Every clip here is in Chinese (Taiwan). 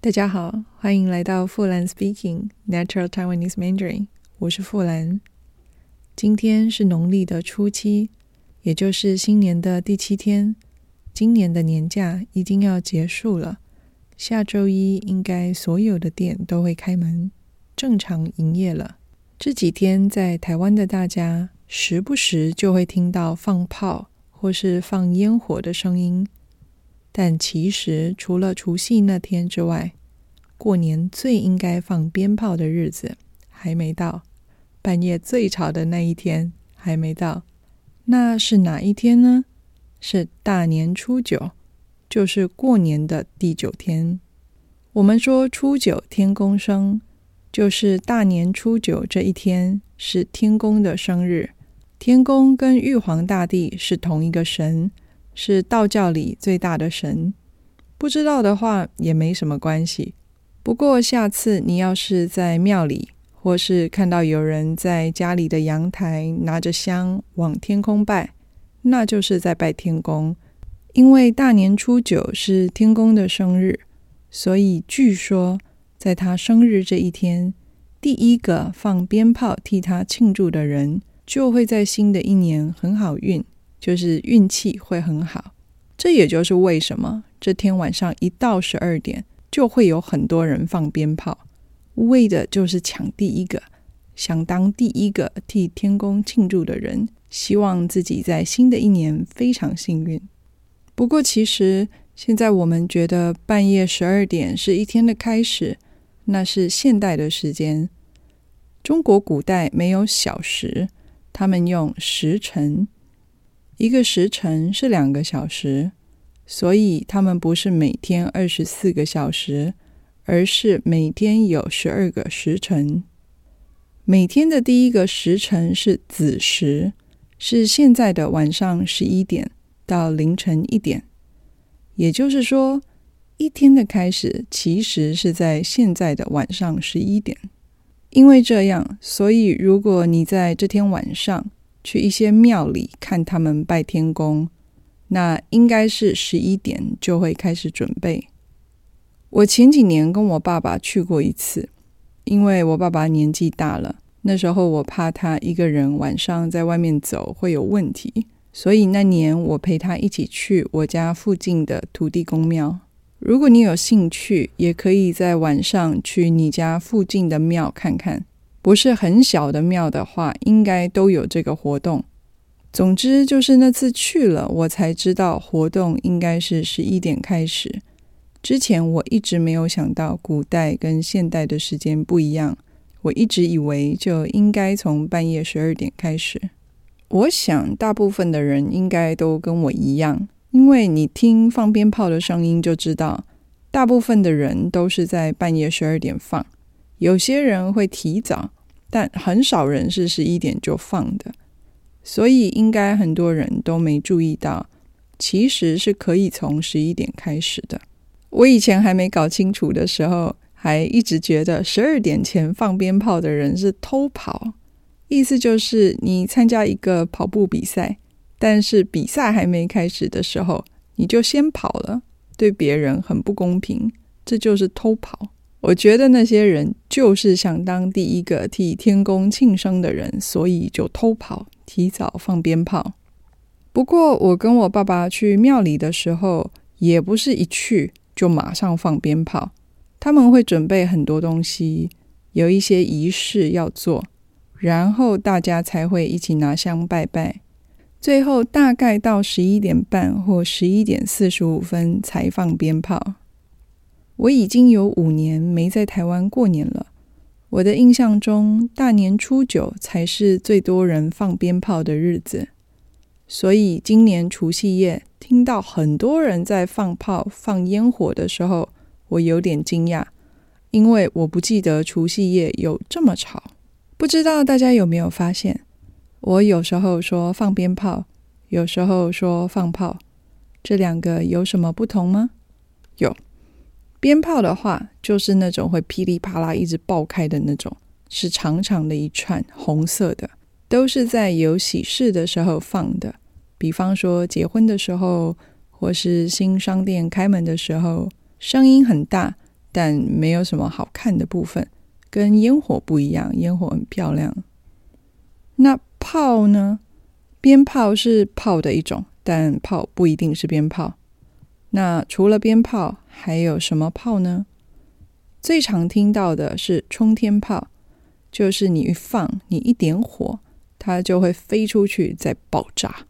大家好，歡迎來到富蘭 Speaking Natural Taiwanese Mandarin。我是富蘭。今天是農曆的初七，也就是新年的第七天。今年的年假已經要結束了，下周一應該所有的店都會開門，正常營業了。這幾天在台灣的大家，時不時就會聽到放炮或是放煙火的聲音，但其實除了除夕那天之外，過年最應該放鞭炮的日子還沒到，半夜最吵的那一天還沒到，那是哪一天呢？是大年初九，就是過年的第九天。我們說初九天公生，就是大年初九這一天是天公的生日。天公跟玉皇大帝是同一個神，是道教裡最大的神。不知道的話也沒什麼關係。不過，下次你要是在廟裡，或是看到有人在家裡的陽台拿着香往天空拜，那就是在拜天公。因為大年初九是天公的生日，所以據說在他生日這一天，第一個放鞭炮替他慶祝的人，就會在新的一年很好運，就是運氣會很好。這也就是為什麼這天晚上一到十二點，就會有很多人放鞭炮，為的就是搶第一個，想當第一個替天公慶祝的人，希望自己在新的一年非常幸運。不過，其實現在我們覺得半夜十二點是一天的開始，那是現代的時間。中國古代沒有小時，他們用時辰，一個時辰是兩個小時。所以他們不是每天二十四個小時，而是每天有十二個時辰。每天的第一個時辰是子時，是現在的晚上十一點到凌晨一點。也就是說，一天的開始其實是在現在的晚上十一點。因為這樣，所以如果你在這天晚上去一些廟裡看他們拜天公。那應該是十一點就會開始準備。我前幾年跟我爸爸去過一次，因為我爸爸年紀大了，那時候我怕他一個人晚上在外面走會有問題，所以那年我陪他一起去我家附近的土地公廟。如果你有興趣，也可以在晚上去你家附近的廟看看。不是很小的廟的話，應該都有這個活動。總之，就是那次去了，我才知道活動應該是十一點開始。之前我一直沒有想到古代跟現代的時間不一樣，我一直以為就應該從半夜十二點開始。我想，大部分的人應該都跟我一樣，因為你聽放鞭炮的聲音就知道，大部分的人都是在半夜十二點放。有些人會提早，但很少人是十一點就放的。所以，應該很多人都沒注意到，其實是可以從十一點開始的。我以前還沒搞清楚的時候，還一直覺得十二點前放鞭炮的人是偷跑，意思就是你參加一個跑步比賽，但是比賽還沒開始的時候，你就先跑了，對別人很不公平，這就是偷跑。我覺得那些人就是想當第一個替天公慶生的人，所以就偷跑。提早放鞭炮。不過，我跟我爸爸去廟裡的時候，也不是一去就馬上放鞭炮。他們會準備很多東西，有一些儀式要做，然後大家才會一起拿香拜拜。最後，大概到十一點半或十一點四十五分才放鞭炮。我已經有五年沒在台灣過年了。我的印象中，大年初九才是最多人放鞭炮的日子，所以今年除夕夜聽到很多人在放炮、放煙火的時候，我有點驚訝，因為我不記得除夕夜有這麼吵。不知道大家有沒有發現，我有時候說放鞭炮，有時候說放炮，這兩個有什麼不同嗎？有。鞭炮的話，就是那種會噼里啪啦一直爆開的那種，是長長的一串紅色的，都是在有喜事的時候放的，比方說結婚的時候，或是新商店開門的時候，聲音很大，但沒有什麼好看的部分，跟煙火不一樣，煙火很漂亮。那炮呢？鞭炮是炮的一種，但炮不一定是鞭炮。那除了鞭炮，還有什麼炮呢？最常聽到的是衝天炮，就是你一放，你一點火，它就會飛出去再爆炸。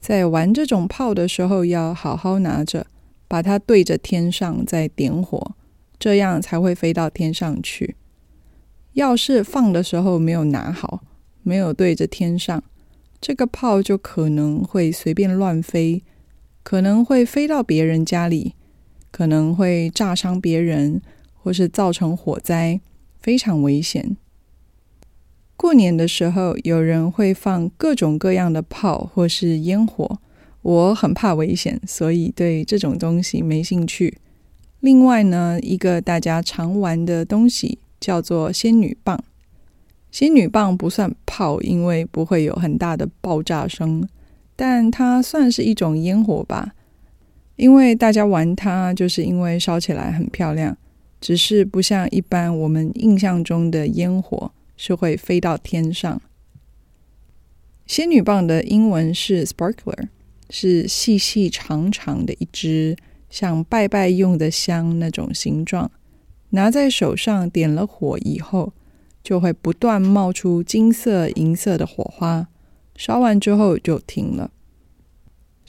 在玩這種炮的時候，要好好拿着，把它對着天上再點火，這樣才會飛到天上去。要是放的時候沒有拿好，沒有對着天上，這個炮就可能會隨便亂飛，可能會飛到別人家裡。可能會炸傷別人，或是造成火災，非常危險。過年的時候，有人會放各種各樣的炮或是煙火。我很怕危險，所以對這種東西沒興趣。另外呢，一個大家常玩的東西叫做仙女棒。仙女棒不算炮，因為不會有很大的爆炸聲，但它算是一種煙火吧。因為大家玩它，就是因為燒起來很漂亮，只是不像一般我們印象中的煙火是會飛到天上。仙女棒的英文是 sparkler，是細細長長的一支，像拜拜用的香那種形狀。拿在手上點了火以後，就會不斷冒出金色、銀色的火花，燒完之後就停了。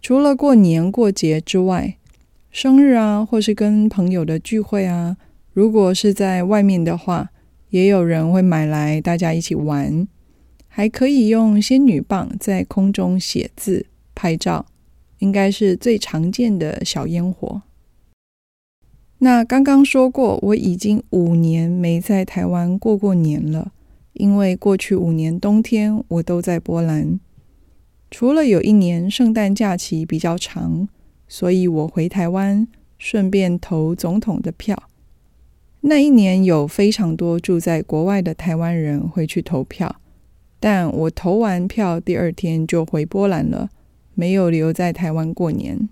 除了過年過節之外，生日啊，或是跟朋友的聚會啊，如果是在外面的話，也有人會買來大家一起玩。還可以用仙女棒在空中寫字、拍照，應該是最常見的小煙火。那剛剛說過，我已經五年沒在台灣過過年了，因為過去五年冬天我都在波蘭。除了有一年聖誕假期比較長，所以我回台灣順便投總統的票。那一年有非常多住在國外的台灣人會去投票，但我投完票第二天就回波蘭了，沒有留在台灣過年。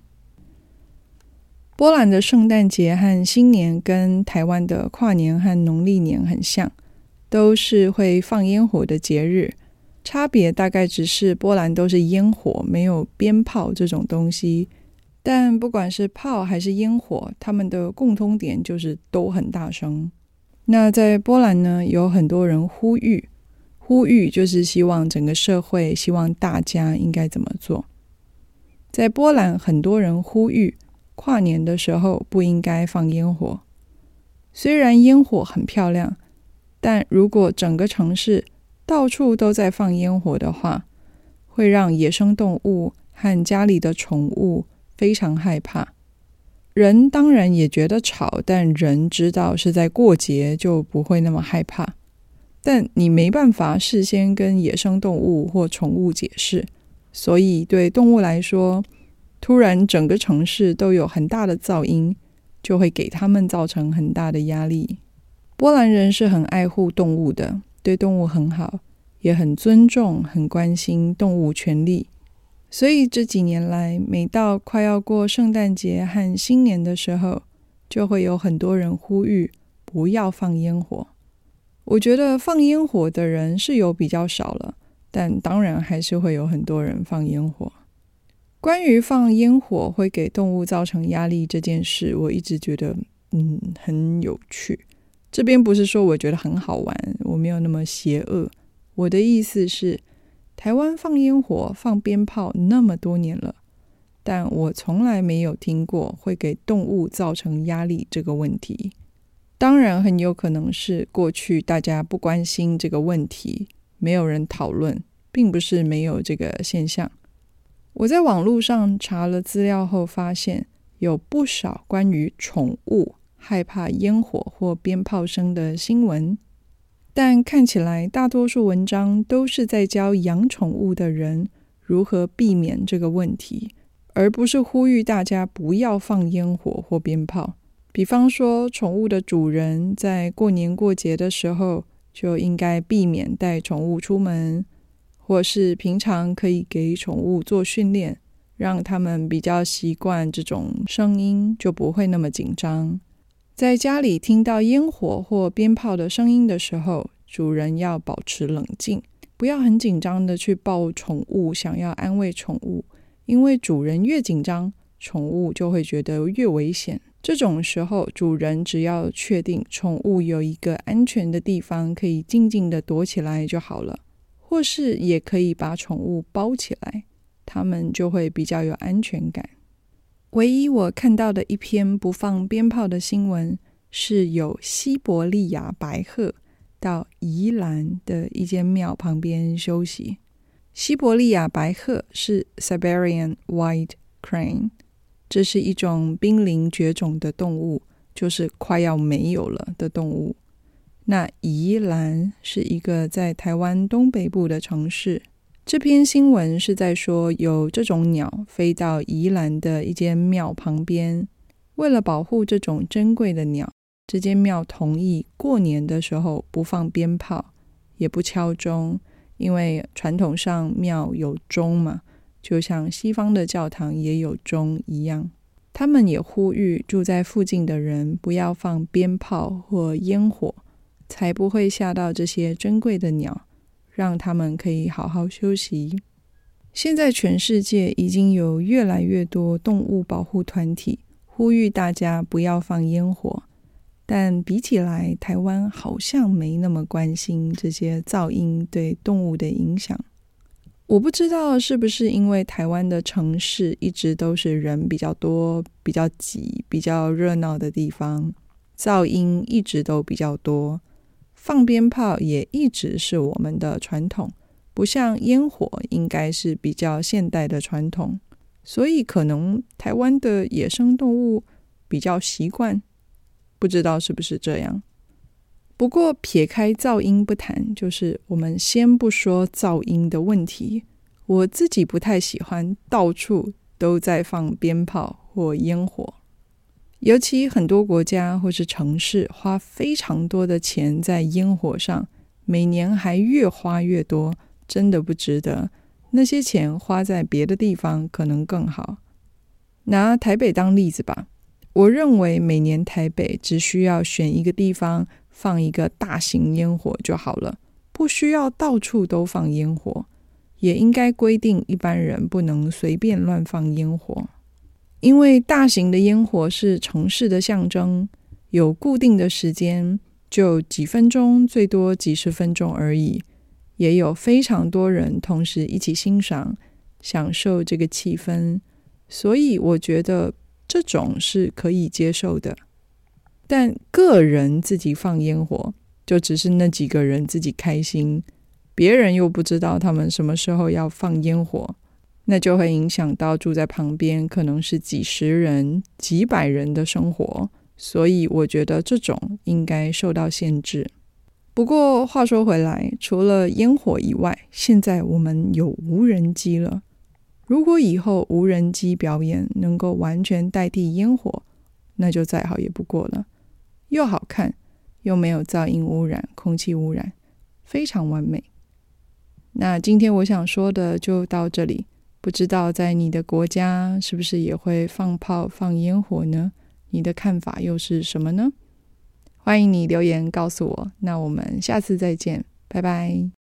波蘭的聖誕節和新年跟台灣的跨年和農曆年很像，都是會放煙火的節日。差別大概只是波蘭都是煙火，沒有鞭炮這種東西。但不管是炮還是煙火，他們的共通點就是都很大聲。那在波蘭呢，有很多人呼籲，呼籲就是希望整個社會，希望大家應該怎麼做。在波蘭，很多人呼籲，跨年的時候不應該放煙火。雖然煙火很漂亮，但如果整個城市，到處都在放煙火的話，會讓野生動物和家裡的寵物非常害怕。人當然也覺得吵，但人知道是在過節，就不會那麼害怕。但你沒辦法事先跟野生動物或寵物解釋，所以對動物來說，突然整個城市都有很大的噪音，就會給他們造成很大的壓力。波蘭人是很愛護動物的。對動物很好，也很尊重，很關心動物權利。所以這幾年來，每到快要過聖誕節和新年的時候，就會有很多人呼籲不要放煙火。我覺得放煙火的人是有比較少了，但當然還是會有很多人放煙火。關於放煙火會給動物造成壓力這件事，我一直覺得嗯，很有趣。這邊不是說我覺得很好玩，我沒有那麼邪惡。我的意思是，台灣放煙火、放鞭炮那麼多年了，但我從來沒有聽過會給動物造成壓力這個問題。當然，很有可能是過去大家不關心這個問題，沒有人討論，並不是沒有這個現象。我在網絡上查了資料後發現，有不少關於寵物，害怕煙火或鞭炮聲的新聞，但看起來大多數文章都是在教養寵物的人如何避免這個問題，而不是呼籲大家不要放煙火或鞭炮。比方說，寵物的主人在過年過節的時候就應該避免帶寵物出門，或是平常可以給寵物做訓練，讓他們比較習慣這種聲音，就不會那麼緊張。在家裡聽到煙火或鞭炮的聲音的時候，主人要保持冷靜，不要很緊張的去抱寵物，想要安慰寵物，因為主人越緊張，寵物就會覺得越危險。這種時候，主人只要確定寵物有一個安全的地方可以靜靜的躲起來就好了，或是也可以把寵物包起來，它們就會比較有安全感。唯一我看到的一篇不放鞭炮的新聞，是有西伯利亞白鶴到宜蘭的一間廟旁邊休息。西伯利亞白鶴是 Siberian White Crane，這是一種瀕臨絕種的動物，就是快要沒有了的動物。那宜蘭是一個在台灣東北部的城市。這篇新聞是在說，有這種鳥飛到宜蘭的一間廟旁邊。為了保護這種珍貴的鳥，這間廟同意過年的時候不放鞭炮，也不敲鐘，因為傳統上廟有鐘嘛，就像西方的教堂也有鐘一樣。他們也呼籲住在附近的人不要放鞭炮或煙火，才不會嚇到這些珍貴的鳥。讓他們可以好好休息。現在全世界已經有越來越多動物保護團體呼籲大家不要放煙火，但比起來，台灣好像沒那麼關心這些噪音對動物的影響。我不知道是不是因為台灣的城市一直都是人比較多，比較擠，比較熱鬧的地方，噪音一直都比較多。放鞭炮也一直是我們的傳統，不像煙火，應該是比較現代的傳統，所以可能台灣的野生動物比較習慣，不知道是不是這樣。不過撇開噪音不談，就是我們先不說噪音的問題，我自己不太喜歡到處都在放鞭炮或煙火。尤其很多國家或是城市花非常多的錢在煙火上，每年還越花越多，真的不值得。那些錢花在別的地方可能更好。拿台北當例子吧，我認為每年台北只需要選一個地方放一個大型煙火就好了，不需要到處都放煙火，也應該規定一般人不能隨便亂放煙火。因為大型的煙火是城市的象徵，有固定的時間，就幾分鐘，最多幾十分鐘而已。也有非常多人同時一起欣賞、享受這個氣氛，所以我覺得這種是可以接受的。但個人自己放煙火，就只是那幾個人自己開心，別人又不知道他們什麼時候要放煙火。那就會影響到住在旁邊可能是幾十人、幾百人的生活，所以我覺得這種應該受到限制。不過話說回來，除了煙火以外，現在我們有無人機了。如果以後無人機表演能夠完全代替煙火，那就再好也不過了，又好看又沒有噪音污染、空氣污染，非常完美。那今天我想說的就到這裡。不知道在你的國家是不是也會放炮放煙火呢？你的看法又是什麼呢？歡迎你留言告訴我。那我們下次再見，拜拜。